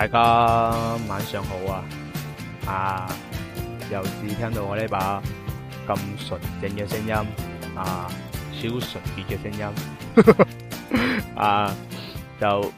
大家晚上好啊！啊，又是聽到我呢把咁純正嘅聲音啊，超純潔嘅聲音 啊，就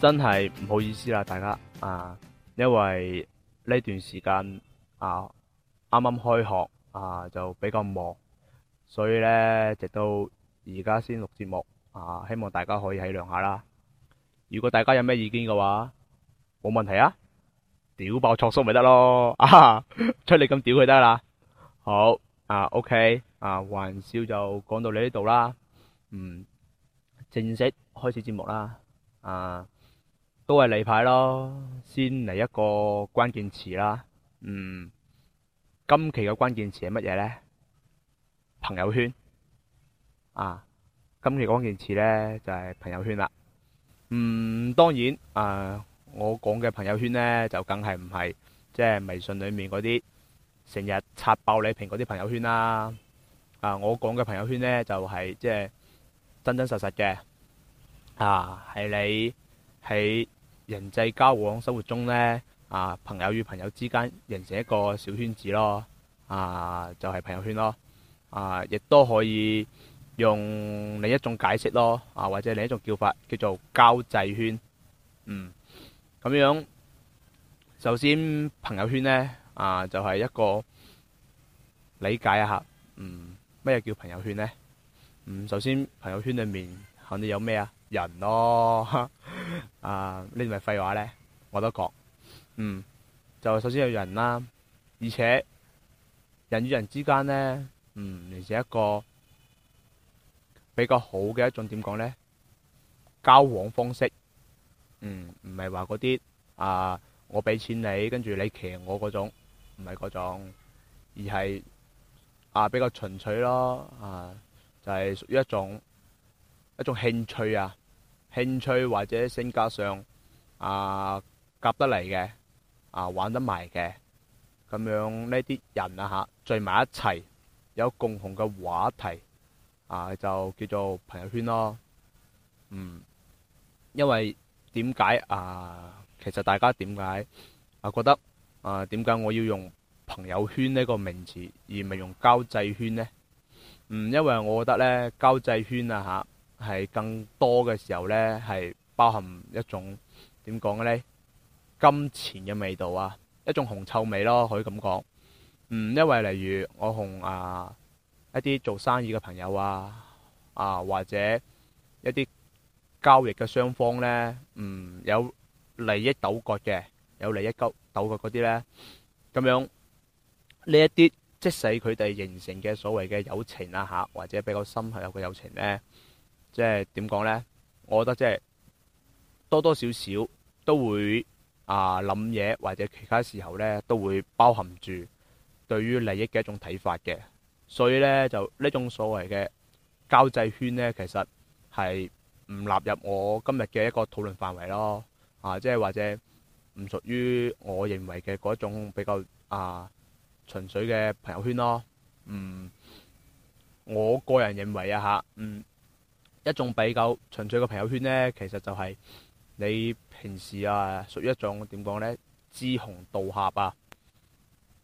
真係唔好意思啦，大家啊，因為呢段時間啊，啱啱開學啊，就比較忙，所以咧直到而家先錄節目啊，希望大家可以體諒下啦。如果大家有咩意見嘅話，冇問題啊，屌爆卓叔咪得咯，啊，出力咁屌佢得啦，好啊，OK，啊，玩笑，就講到你呢度啦，嗯，正式開始節目啦，啊，都係例牌咯，先嚟一個關鍵詞啦，嗯，今期嘅關鍵詞係乜嘢咧？朋友圈。啊，今期關鍵詞咧就係朋友圈啦，嗯，當然誒。我講嘅朋友圈呢，就梗係唔係即係微信裏面嗰啲成日刷爆你屏嗰啲朋友圈啦，啊。啊，我講嘅朋友圈呢，就係、是、即係真真實實嘅啊，係你喺人際交往生活中呢，啊，朋友與朋友之間形成一個小圈子咯啊，就係、是、朋友圈咯啊，亦都可以用另一種解釋咯啊，或者另一種叫法叫做交際圈，嗯。咁樣，首先朋友圈呢，啊，就係、是、一個理解一下，嗯，咩叫朋友圈呢？嗯，首先朋友圈裏面肯定有咩、哦、啊？人咯，啊呢啲咪廢話咧？我都覺，嗯，就是、首先有人啦、啊，而且人與人之間呢，嗯，形成一個比較好嘅一種點講咧，交往方式。嗯，唔係話嗰啲啊，我俾錢你，跟住你騎我嗰種，唔係嗰種，而係啊比較純粹咯，啊就係屬於一種一種興趣啊，興趣或者性格上啊夾得嚟嘅，啊玩得埋嘅，咁樣呢啲人啊嚇聚埋一齊，有共同嘅話題啊，就叫做朋友圈咯，嗯，因為點解啊？其實大家點解啊？覺得啊？點解我要用朋友圈呢個名字，而唔係用交際圈呢？嗯，因為我覺得呢，交際圈啊吓，係、啊、更多嘅時候呢，係包含一種點講呢？金錢嘅味道啊，一種銅臭味咯，可以咁講。嗯，因為例如我同啊一啲做生意嘅朋友啊啊，或者一啲。交易嘅雙方咧，嗯，有利益糾葛嘅，有利益糾糾葛嗰啲咧，咁樣呢一啲，即使佢哋形成嘅所謂嘅友情啊嚇，或者比較深厚嘅友情咧，即係點講咧？我覺得即係多多少少都會啊諗嘢，或者其他時候咧都會包含住對於利益嘅一種睇法嘅，所以咧就呢種所謂嘅交際圈咧，其實係。唔納入我今日嘅一個討論範圍咯，啊，即係或者唔屬於我認為嘅嗰一種比較啊、呃、純粹嘅朋友圈咯。嗯，我個人認為啊吓，嗯一種比較純粹嘅朋友圈咧，其實就係你平時啊屬於一種點講咧，志同道合啊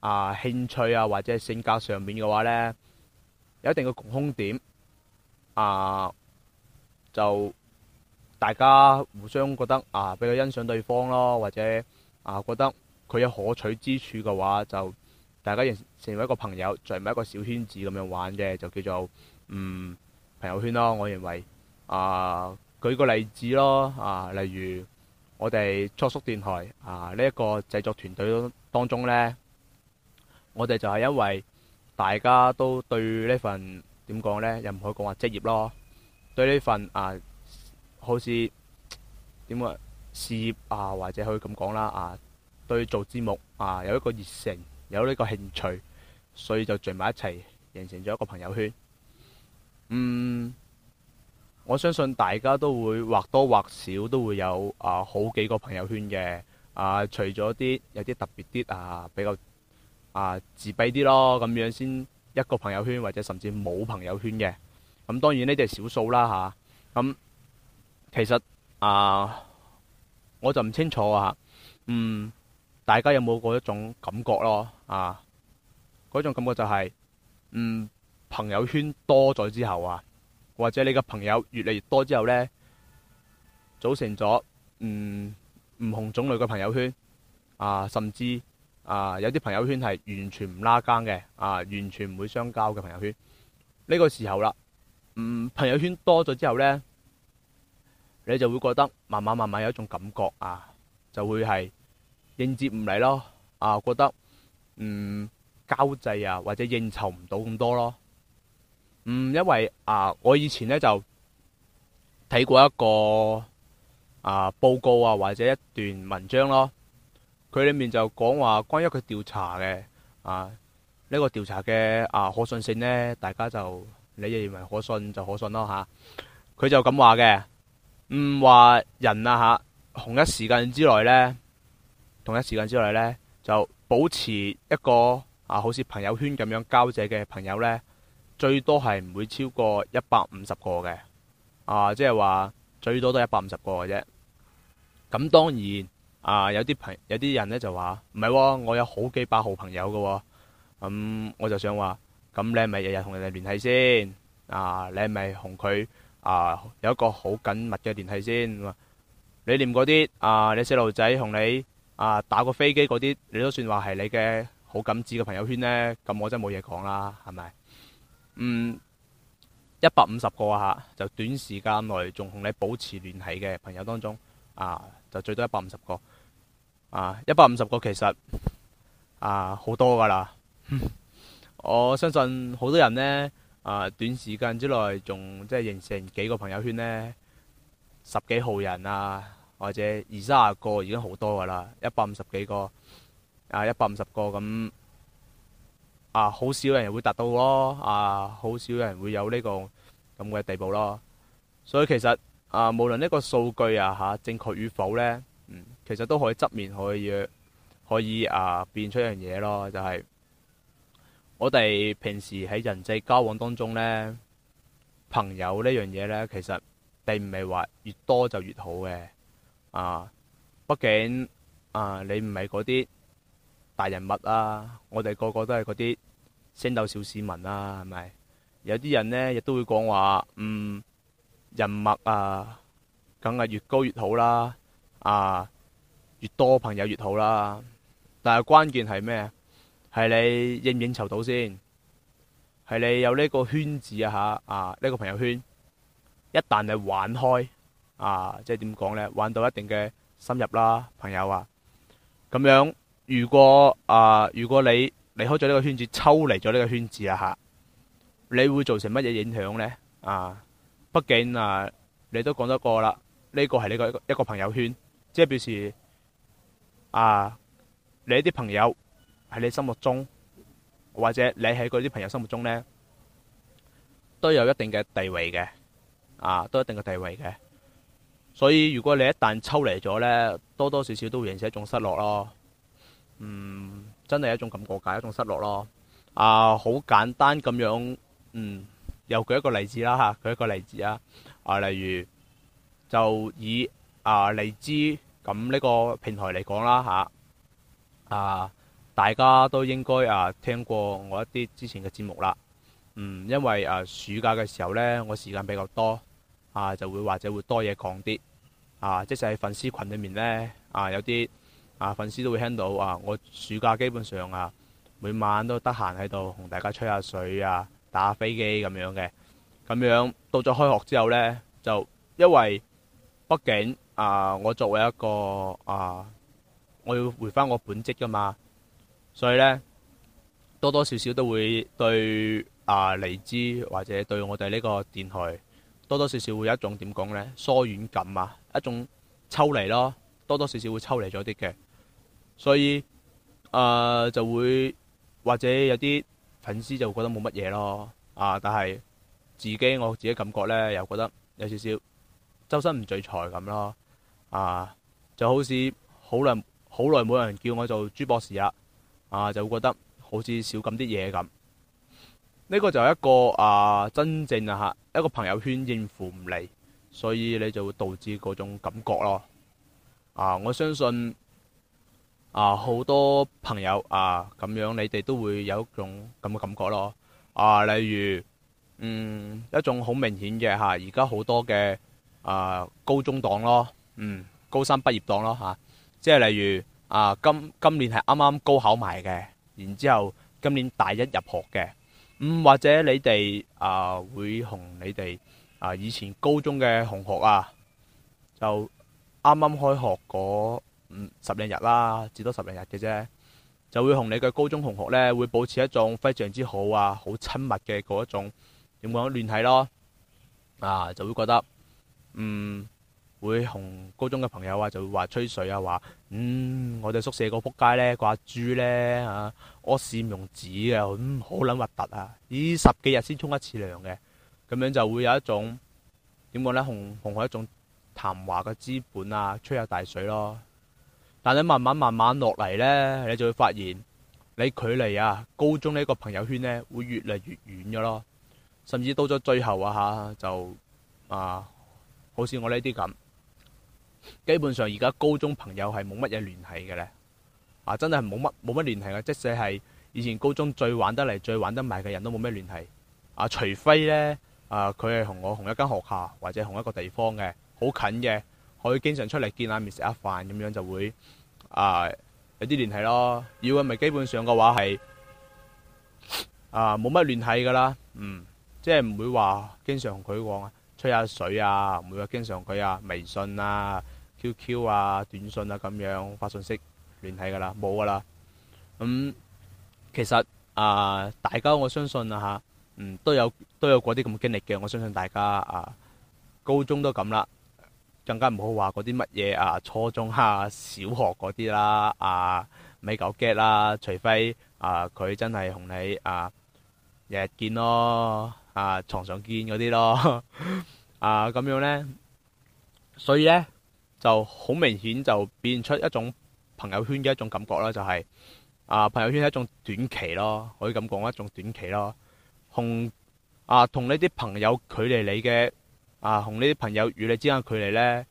啊興趣啊或者係性格上面嘅話咧，有一定嘅共通點啊。就大家互相覺得啊比較欣賞對方咯，或者啊覺得佢有可取之處嘅話，就大家認成為一個朋友，聚埋一個小圈子咁樣玩嘅，就叫做嗯朋友圈咯。我認為啊，舉個例子咯啊，例如我哋初速電台啊呢一個製作團隊當中咧，我哋就係因為大家都對呢份點講咧，又唔可以講話職業咯。對呢份啊，好似點講事業啊，或者可以咁講啦啊，對做節目啊有一個熱誠，有呢個興趣，所以就聚埋一齊，形成咗一個朋友圈。嗯，我相信大家都會或多或少都會有啊好幾個朋友圈嘅啊，除咗啲有啲特別啲啊比較啊自閉啲咯，咁樣先一個朋友圈，或者甚至冇朋友圈嘅。咁當然呢啲係少數啦吓，咁其實啊，我就唔清楚啊。嗯，大家有冇過一種感覺咯啊？嗰種感覺就係嗯，朋友圈多咗之後啊，或者你嘅朋友越嚟越多之後咧，組成咗唔唔同種類嘅朋友圈啊，甚至啊有啲朋友圈係完全唔拉更嘅啊，完全唔會相交嘅朋友圈，呢個時候啦。嗯，朋友圈多咗之後呢，你就會覺得慢慢慢慢有一種感覺啊，就會係應接唔嚟咯啊，覺得嗯，交際啊或者應酬唔到咁多咯。嗯，因為啊，我以前呢，就睇過一個啊報告啊或者一段文章咯，佢裏面就講話關於佢、啊呢個調查嘅啊呢個調查嘅啊可信性呢，大家就。你認為可信就可信咯、啊、吓，佢、啊、就咁話嘅，唔、嗯、話人啊吓，同一時間之內呢，同一時間之內呢，就保持一個啊，好似朋友圈咁樣交者嘅朋友呢，最多係唔會超過一百五十個嘅，啊，即係話最多都一百五十個嘅啫。咁、啊、當然啊，有啲朋有啲人呢就話唔係，我有好幾百號朋友嘅、哦，咁、嗯、我就想話。咁你係咪日日同人哋聯繫先？啊，你係咪同佢啊有一個好緊密嘅聯繫先？你念嗰啲啊，你細路仔同你啊打過飛機嗰啲，你都算話係你嘅好感知嘅朋友圈呢？咁、啊、我真係冇嘢講啦，係咪？嗯，一百五十個啊吓，就短時間內仲同你保持聯繫嘅朋友當中啊，就最多一百五十個啊，一百五十個其實啊好多噶啦。 我相信好多人呢，啊，呃，短時間之內仲即係形成幾個朋友圈呢，十幾號人啊，或者二三十個已經好多噶啦，一百五十幾個，啊，一百五十個咁，啊，好少人會達到咯，啊，好少人會有呢個咁嘅地步咯。所以其實啊，無論呢個數據啊吓正確與否呢，嗯，其實都可以側面可以可以啊變出一樣嘢咯，就係。我哋平時喺人際交往當中咧，朋友呢樣嘢咧，其實並唔係話越多就越好嘅。啊，畢竟啊，你唔係嗰啲大人物啊，我哋個個都係嗰啲升斗小市民啊，係咪？有啲人咧亦都會講話，嗯，人脈啊，梗係越高越好啦，啊，啊，越多朋友越好啦，啊。但係關鍵係咩？係你應唔應酬到先？係你有呢個圈子啊吓，啊，呢個朋友圈，一旦你玩開啊，即係點講咧，玩到一定嘅深入啦，朋友啊，咁樣如果啊，如果你離開咗呢個圈子，抽離咗呢個圈子啦吓，啊，你會造成乜嘢影響咧？啊，畢竟啊，你都講得過啦，呢個係你個一個朋友圈，即係表示啊，你啲朋友。喺你心目中，或者你喺嗰啲朋友心目中呢，都有一定嘅地位嘅，啊，都一定嘅地位嘅。所以如果你一旦抽離咗呢，多多少少都會形成一種失落咯。嗯，真係一種咁過界，一種失落咯。啊，好簡單咁樣，嗯，又舉一個例子啦吓、啊，舉一個例子啊。啊，例如就以啊荔枝咁呢個平台嚟講啦吓，啊。大家都應該啊聽過我一啲之前嘅節目啦，嗯，因為啊暑假嘅時候呢，我時間比較多啊，就會或者會多嘢講啲啊，即使喺粉絲群裏面呢，啊，有啲啊粉絲都會聽到啊，我暑假基本上啊每晚都得閒喺度同大家吹下水啊，打下飛機咁樣嘅。咁樣到咗開學之後呢，就因為畢竟啊，我作為一個啊，我要回翻我本職噶嘛。所以咧，多多少少都會對啊，荔枝或者對我哋呢個電台多多少少會有一種點講呢，疏遠感啊，一種抽離咯，多多少少會抽離咗啲嘅。所以啊，就會或者有啲粉絲就會覺得冇乜嘢咯啊，但係自己我自己感覺呢，又覺得有少少周身唔聚財咁咯啊，就好似好耐好耐冇人叫我做朱博士啦。啊，就會覺得好似少咁啲嘢咁，呢個就係一個啊真正啊吓一個朋友圈應付唔嚟，所以你就會導致嗰種感覺咯。啊，我相信啊好多朋友啊咁樣，你哋都會有一種咁嘅感覺咯。啊，例如嗯一種好明顯嘅，吓，而家好多嘅啊高中檔咯，嗯高三畢業黨咯吓，即係例如。啊，今今年係啱啱高考埋嘅，然之後今年大一入學嘅，咁、嗯、或者你哋啊會同你哋啊以前高中嘅同學啊，就啱啱開學嗰、嗯、十零日啦，至多十零日嘅啫，就會同你嘅高中同學呢會保持一種非常之好啊，好親密嘅嗰一種點樣聯繫咯，啊就會覺得嗯。會同高中嘅朋友啊，就會話吹水、嗯那個、啊，話嗯我哋宿舍個仆街呢，掛豬呢，吓，屙屎唔用紙嘅，好好捻核突啊，以、啊嗯啊、十幾日先沖一次涼嘅，咁樣就會有一種點講呢？紅紅起一種談話嘅資本啊，吹下大水咯。但係你慢慢慢慢落嚟呢，你就會發現你距離啊高中呢一個朋友圈呢，會越嚟越遠嘅咯，甚至到咗最後啊吓、啊、就啊，好似我呢啲咁。基本上而家高中朋友係冇乜嘢聯繫嘅咧，啊真係冇乜冇乜聯繫嘅，即使係以前高中最玩得嚟、最玩得埋嘅人都冇咩聯繫，啊除非咧啊佢係同我同一間學校或者同一個地方嘅，好近嘅，可以經常出嚟見下面食下飯咁樣就會啊有啲聯繫咯，如果咪基本上嘅話係啊冇乜聯繫噶啦，嗯，即係唔會話經常同佢講吹下水啊，唔會話經常佢啊微信啊。QQ 啊、短信啊咁樣發信息聯繫噶啦，冇噶啦。咁、嗯、其實啊、呃，大家我相信啊吓，嗯都有都有啲咁嘅經歷嘅。我相信大家啊，高中都咁啦，更加唔好話嗰啲乜嘢啊，初中啊、小學嗰啲啦啊，咪搞 get 啦，除非啊佢真係同你啊日日見咯，啊床上見嗰啲咯，啊咁樣咧，所以咧。就好明顯就變出一種朋友圈嘅一種感覺啦，就係啊朋友圈係一種短期咯，可以咁講一種短期咯。同啊同呢啲朋友距離你嘅啊同呢啲朋友與你之間嘅距離呢，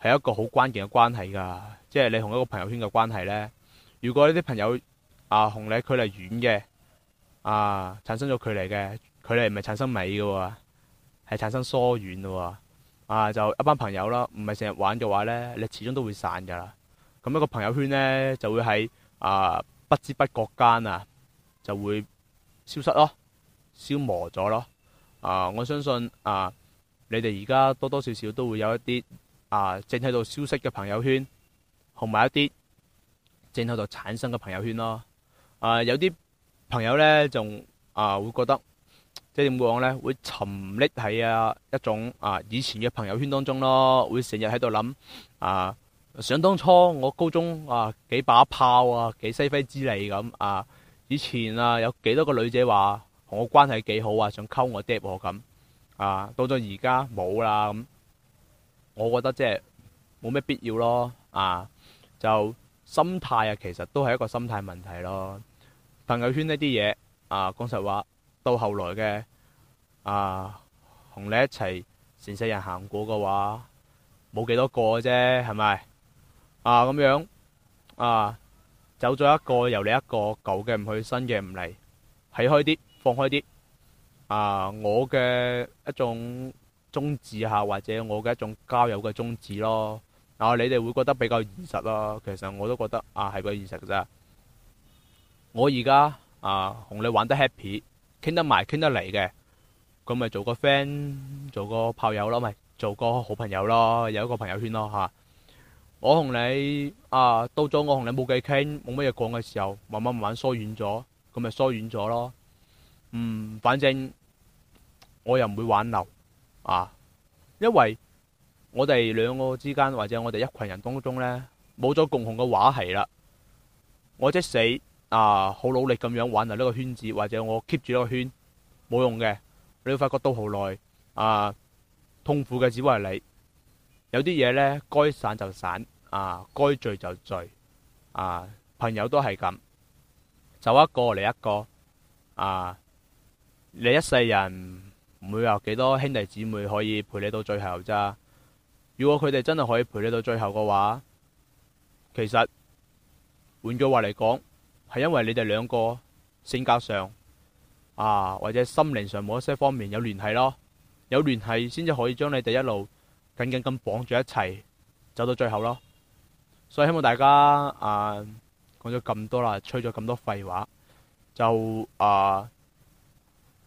係一個好關鍵嘅關係噶，即係你同一個朋友圈嘅關係呢，如果呢啲朋友啊同你距離遠嘅啊產生咗距離嘅，距離唔係產生美噶，係產生疏遠噶。啊，就一班朋友啦，唔係成日玩嘅話咧，你始終都會散㗎啦。咁一個朋友圈咧，就會喺啊不知不覺間啊，就會消失咯，消磨咗咯。啊，我相信啊，你哋而家多多少少都會有一啲啊，正喺度消失嘅朋友圈，同埋一啲正喺度產生嘅朋友圈咯。啊，有啲朋友咧，仲啊會覺得。即係點講咧？會沉溺喺啊一種啊以前嘅朋友圈當中咯，會成日喺度諗啊，想當初我高中啊幾把炮啊，幾犀飛之利咁啊，啊，以前啊有幾多個女仔話同我關係幾好啊，想溝我爹我咁啊，到咗而家冇啦咁，我覺得即係冇咩必要咯啊，啊，就心態啊，其實都係一個心態問題咯，啊，朋友圈呢啲嘢啊，講實話。到後來嘅啊，同你一齊成世人行過嘅話，冇幾多個啫，係咪啊？咁樣啊，走咗一個，由你一個，舊嘅唔去，新嘅唔嚟，睇開啲，放開啲啊。我嘅一種宗旨下，或者我嘅一種交友嘅宗旨咯。啊，你哋會覺得比較現實啦。其實我都覺得啊，係個現實嘅啫。我而家啊，同你玩得 happy。傾得埋，傾得嚟嘅，咁咪做個 friend，做個炮友咯，咪做個好朋友咯，有一個朋友圈咯吓。我同你啊，到咗我同你冇計傾，冇乜嘢講嘅時候，慢慢慢慢疏遠咗，咁咪疏遠咗咯。嗯，反正我又唔會挽留啊，因為我哋兩個之間或者我哋一群人當中咧，冇咗共同嘅話題啦，我即死。啊！好努力咁樣玩喺呢個圈子，或者我 keep 住呢個圈，冇用嘅。你會發覺都好耐，啊，痛苦嘅只不過係你有啲嘢呢，該散就散啊，該聚就聚啊。朋友都係咁，就一個嚟，一個啊。你一世人唔會有幾多兄弟姊妹可以陪你到最後咋？如果佢哋真係可以陪你到最後嘅話，其實換句話嚟講。係因為你哋兩個性格上啊，或者心靈上某一些方面有聯繫咯，有聯繫先至可以將你哋一路緊緊咁綁住一齊走到最後咯。所以希望大家啊，講咗咁多啦，吹咗咁多廢話，就啊，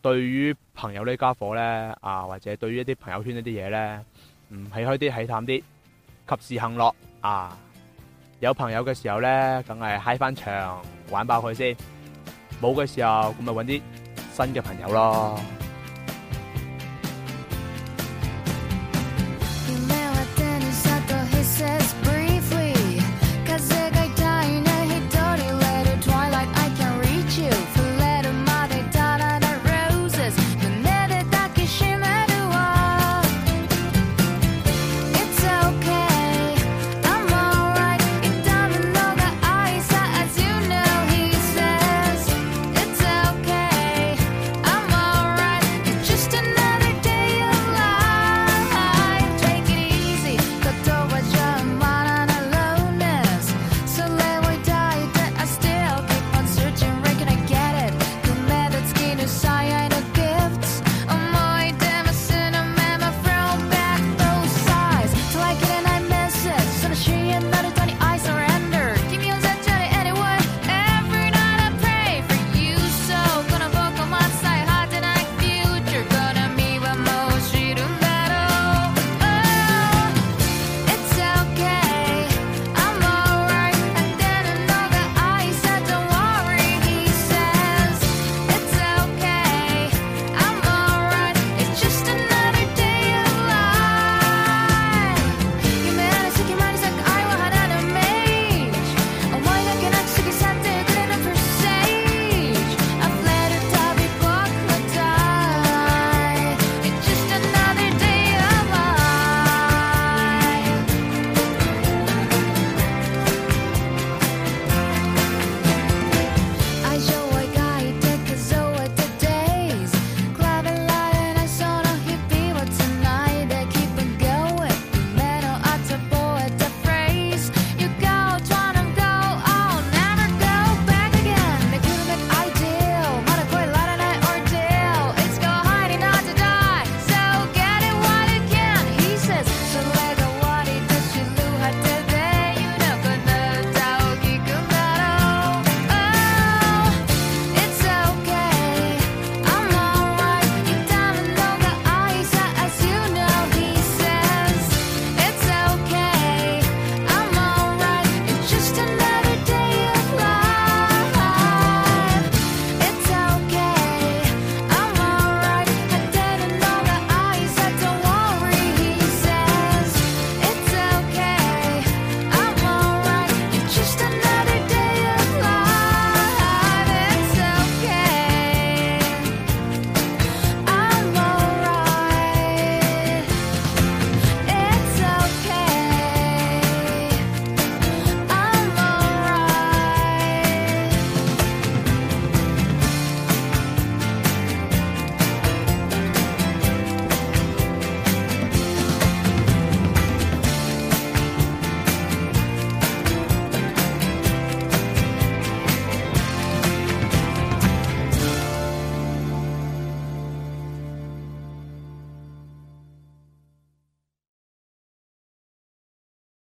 對於朋友呢家伙咧啊，或者對於一啲朋友圈呢啲嘢咧，唔睇開啲，睇淡啲，及時行樂啊！有朋友嘅時候呢，梗係嗨翻場，玩爆佢先；冇嘅時候，噉咪揾啲新嘅朋友咯。